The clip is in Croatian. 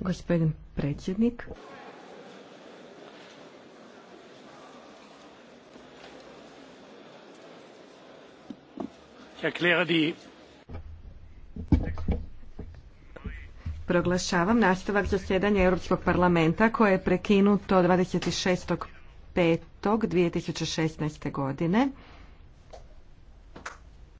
Gospodin predsjednik. Proglašavam nastavak zasjedanja Europskog parlamenta koje je prekinuto 26.5.2016. godine.